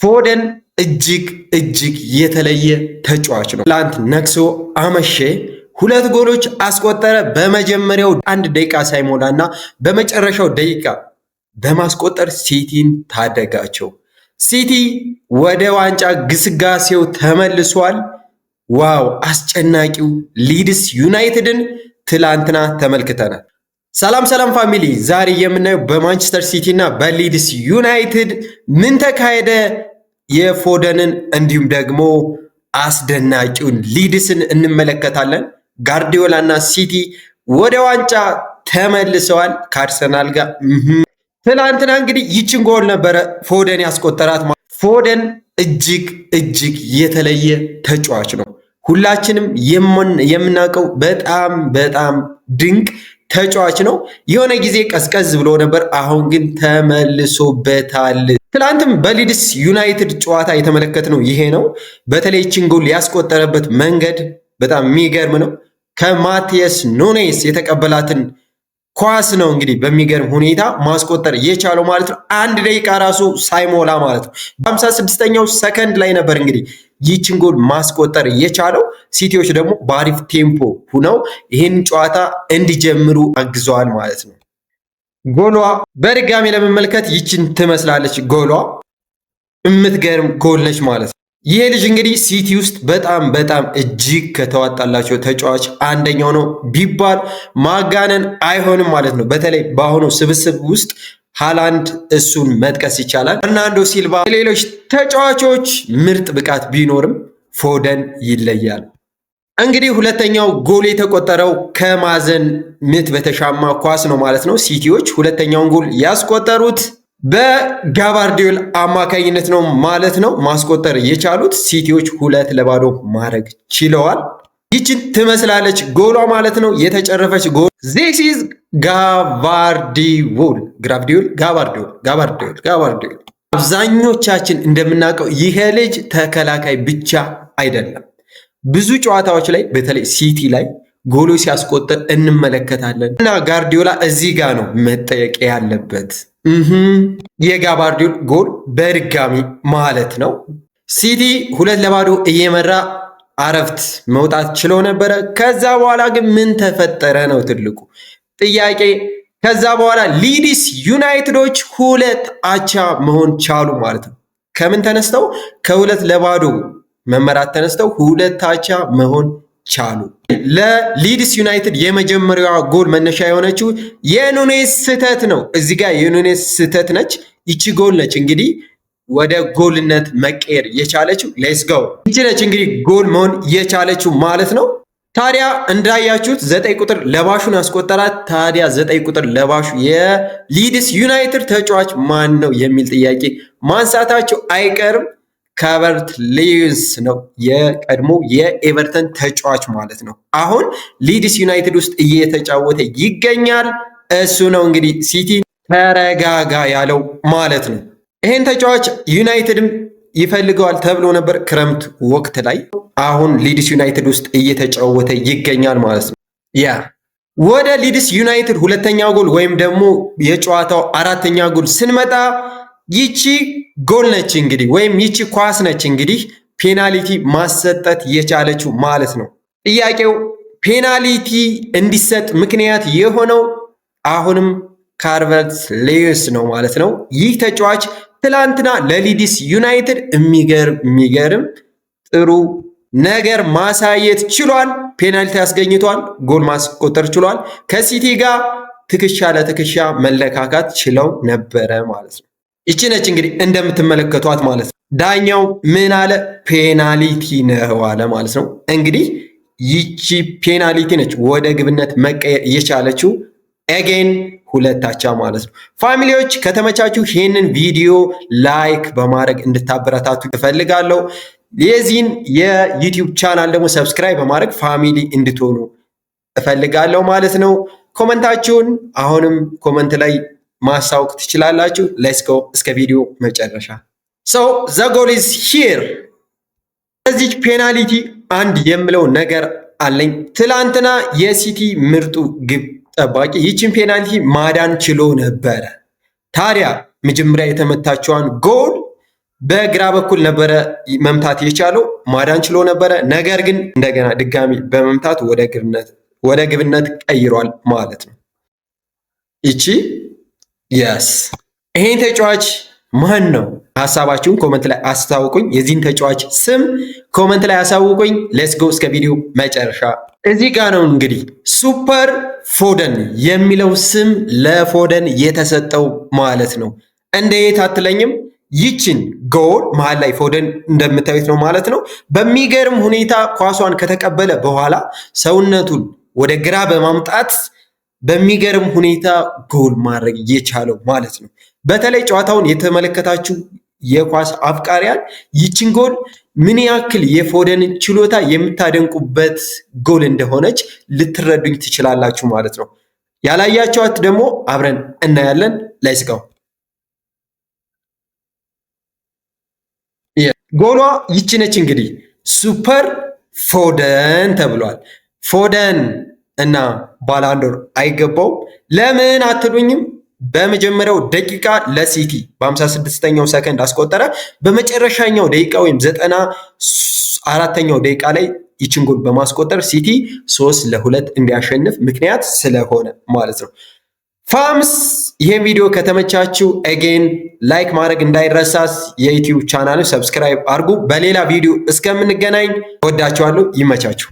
ፎደን እጅግ እጅግ የተለየ ተጫዋች ነው። ትላንት ነክሶ አመሼ። ሁለት ጎሎች አስቆጠረ። በመጀመሪያው አንድ ደቂቃ ሳይሞላ እና በመጨረሻው ደቂቃ በማስቆጠር ሲቲን ታደጋቸው። ሲቲ ወደ ዋንጫ ግስጋሴው ተመልሷል። ዋው! አስጨናቂው ሊድስ ዩናይትድን ትላንትና ተመልክተናል። ሰላም ሰላም ፋሚሊ፣ ዛሬ የምናየው በማንቸስተር ሲቲ እና በሊድስ ዩናይትድ ምን ተካሄደ፣ የፎደንን እንዲሁም ደግሞ አስደናቂውን ሊድስን እንመለከታለን። ጋርዲዮላ እና ሲቲ ወደ ዋንጫ ተመልሰዋል ከአርሰናል ጋር። ትላንትና እንግዲህ ይችን ጎል ነበረ ፎደን ያስቆጠራት። ፎደን እጅግ እጅግ የተለየ ተጫዋች ነው። ሁላችንም የምናውቀው በጣም በጣም ድንቅ ተጫዋች ነው። የሆነ ጊዜ ቀዝቀዝ ብሎ ነበር፣ አሁን ግን ተመልሶበታል። ትላንትም በሊድስ ዩናይትድ ጨዋታ የተመለከትነው ይሄ ነው። በተለይ ቺንጉል ያስቆጠረበት መንገድ በጣም የሚገርም ነው። ከማቲያስ ኑኔስ የተቀበላትን ኳስ ነው እንግዲህ በሚገርም ሁኔታ ማስቆጠር የቻለው ማለት ነው። አንድ ደቂቃ ራሱ ሳይሞላ ማለት ነው። በሃምሳ ስድስተኛው ሰከንድ ላይ ነበር እንግዲህ ይህችን ጎል ማስቆጠር የቻለው ሲቲዎች ደግሞ በአሪፍ ቴምፖ ሁነው ይህን ጨዋታ እንዲጀምሩ አግዘዋል ማለት ነው። ጎሏ በድጋሚ ለመመልከት ይችን ትመስላለች። ጎሏ የምትገርም ጎል ነች ማለት ነው። ይሄ ልጅ እንግዲህ ሲቲ ውስጥ በጣም በጣም እጅግ ከተዋጣላቸው ተጫዋች አንደኛው ነው ቢባል ማጋነን አይሆንም ማለት ነው። በተለይ በአሁኑ ስብስብ ውስጥ ሃላንድ እሱን መጥቀስ ይቻላል። ፈርናንዶ ሲልቫ፣ ሌሎች ተጫዋቾች ምርጥ ብቃት ቢኖርም ፎደን ይለያል። እንግዲህ ሁለተኛው ጎል የተቆጠረው ከማዕዘን ምት በተሻማ ኳስ ነው ማለት ነው። ሲቲዎች ሁለተኛውን ጎል ያስቆጠሩት በጋቫርዲዮል አማካኝነት ነው ማለት ነው። ማስቆጠር የቻሉት ሲቲዎች ሁለት ለባዶ ማድረግ ችለዋል። ይችን ትመስላለች ጎሏ ማለት ነው። የተጨረፈች ጎል ዚስ ጋቫርዲዮል ግራቪዲዮል ጋቫርዲዮል ጋቫርዲዮል ጋቫርዲዮል። አብዛኞቻችን እንደምናውቀው ይሄ ልጅ ተከላካይ ብቻ አይደለም። ብዙ ጨዋታዎች ላይ በተለይ ሲቲ ላይ ጎሎ ሲያስቆጥር እንመለከታለን እና ጋርዲዮላ እዚህ ጋር ነው መጠየቅ ያለበት። የጋቫርዲዮል ጎል በድጋሚ ማለት ነው ሲቲ ሁለት ለባዶ እየመራ አረፍት መውጣት ችሎ ነበረ። ከዛ በኋላ ግን ምን ተፈጠረ ነው ትልቁ ጥያቄ። ከዛ በኋላ ሊድስ ዩናይትዶች ሁለት አቻ መሆን ቻሉ ማለት ነው። ከምን ተነስተው? ከሁለት ለባዶ መመራት ተነስተው ሁለት አቻ መሆን ቻሉ። ለሊድስ ዩናይትድ የመጀመሪያዋ ጎል መነሻ የሆነችው የኑኔስ ስህተት ነው። እዚህ ጋር የኑኔስ ስህተት ነች። ይቺ ጎል ነች እንግዲህ ወደ ጎልነት መቀየር የቻለችው ሌስገው ይችነች እንግዲህ ጎል መሆን የቻለችው ማለት ነው። ታዲያ እንዳያችሁት ዘጠኝ ቁጥር ለባሹን ያስቆጠራት። ታዲያ ዘጠኝ ቁጥር ለባሹ የሊድስ ዩናይትድ ተጫዋች ማን ነው የሚል ጥያቄ ማንሳታቸው አይቀርም። ከበርት ሊዩንስ ነው የቀድሞ የኤቨርተን ተጫዋች ማለት ነው። አሁን ሊድስ ዩናይትድ ውስጥ እየተጫወተ ይገኛል። እሱ ነው እንግዲህ ሲቲ ተረጋጋ ያለው ማለት ነው። ይህን ተጫዋች ዩናይትድም ይፈልገዋል ተብሎ ነበር ክረምት ወቅት ላይ። አሁን ሊድስ ዩናይትድ ውስጥ እየተጫወተ ይገኛል ማለት ነው። ያ ወደ ሊድስ ዩናይትድ ሁለተኛ ጎል ወይም ደግሞ የጨዋታው አራተኛ ጎል ስንመጣ ይቺ ጎል ነች እንግዲህ ወይም ይቺ ኳስ ነች እንግዲህ ፔናልቲ ማሰጠት የቻለችው ማለት ነው። ጥያቄው ፔናልቲ እንዲሰጥ ምክንያት የሆነው አሁንም ካርቨርት ሌዩስ ነው ማለት ነው። ይህ ተጫዋች ትላንትና ለሊዲስ ዩናይትድ የሚገርም የሚገርም ጥሩ ነገር ማሳየት ችሏል። ፔናልቲ አስገኝቷል። ጎል ማስቆጠር ችሏል። ከሲቲ ጋር ትከሻ ለትከሻ መለካካት ችለው ነበረ ማለት ነው። ይቺ ነች እንግዲህ እንደምትመለከቷት ማለት ነው። ዳኛው ምን አለ? ፔናሊቲ ነው አለ ማለት ነው። እንግዲህ ይቺ ፔናልቲ ነች ወደ ግብነት መቀየር እየቻለችው ኤጌን ሁለታቻ ማለት ነው። ፋሚሊዎች ከተመቻችሁ ይህንን ቪዲዮ ላይክ በማድረግ እንድታበረታቱ እፈልጋለሁ። የዚህን የዩቲዩብ ቻናል ደግሞ ሰብስክራይብ በማድረግ ፋሚሊ እንድትሆኑ እፈልጋለሁ ማለት ነው። ኮመንታችሁን አሁንም ኮመንት ላይ ማሳወቅ ትችላላችሁ። ሌትስ ጎ እስከ ቪዲዮ መጨረሻ። ሶ ዘ ጎል ኢዝ ሂር። እዚህ ፔናልቲ አንድ የምለው ነገር አለኝ። ትላንትና የሲቲ ምርጡ ግብ ጠባቂ ይችን ፔናልቲ ማዳን ችሎ ነበረ። ታዲያ መጀመሪያ የተመታችዋን ጎል በግራ በኩል ነበረ መምታት የቻለው ማዳን ችሎ ነበረ። ነገር ግን እንደገና ድጋሚ በመምታት ወደ ግብነት ቀይሯል ማለት ነው። ይቺ የስ ይሄን ተጫዋች ማን ነው? ሀሳባችሁን ኮመንት ላይ አስታውቁኝ። የዚህን ተጫዋች ስም ኮመንት ላይ አሳውቁኝ። ሌትስ ጎ እስከ ቪዲዮ መጨረሻ። እዚህ ጋ ነው እንግዲህ ሱፐር ፎደን የሚለው ስም ለፎደን የተሰጠው ማለት ነው። እንዴት አትለኝም? ይችን ጎል መሀል ላይ ፎደን እንደምታዩት ነው ማለት ነው። በሚገርም ሁኔታ ኳሷን ከተቀበለ በኋላ ሰውነቱን ወደ ግራ በማምጣት በሚገርም ሁኔታ ጎል ማድረግ የቻለው ማለት ነው። በተለይ ጨዋታውን የተመለከታችሁ የኳስ አፍቃሪያን ይችን ጎል ምን ያክል የፎደንን ችሎታ የምታደንቁበት ጎል እንደሆነች ልትረዱኝ ትችላላችሁ ማለት ነው። ያላያቸዋት ደግሞ አብረን እናያለን። ላይስጋው ጎሏ ይችነች እንግዲህ ሱፐር ፎደን ተብሏል። ፎደን እና ባላንዶር አይገባውም ለምን አትሉኝም? በመጀመሪያው ደቂቃ ለሲቲ በ56ኛው ሰከንድ አስቆጠረ። በመጨረሻኛው ደቂቃ ወይም ዘጠና አራተኛው ደቂቃ ላይ ይችን ጎል በማስቆጠር ሲቲ ሶስት ለሁለት እንዲያሸንፍ ምክንያት ስለሆነ ማለት ነው። ፋምስ ይሄን ቪዲዮ ከተመቻችሁ አጌን ላይክ ማድረግ እንዳይረሳስ፣ የዩቲዩብ ቻናልን ሰብስክራይብ አድርጉ። በሌላ ቪዲዮ እስከምንገናኝ ወዳችኋለሁ። ይመቻችሁ።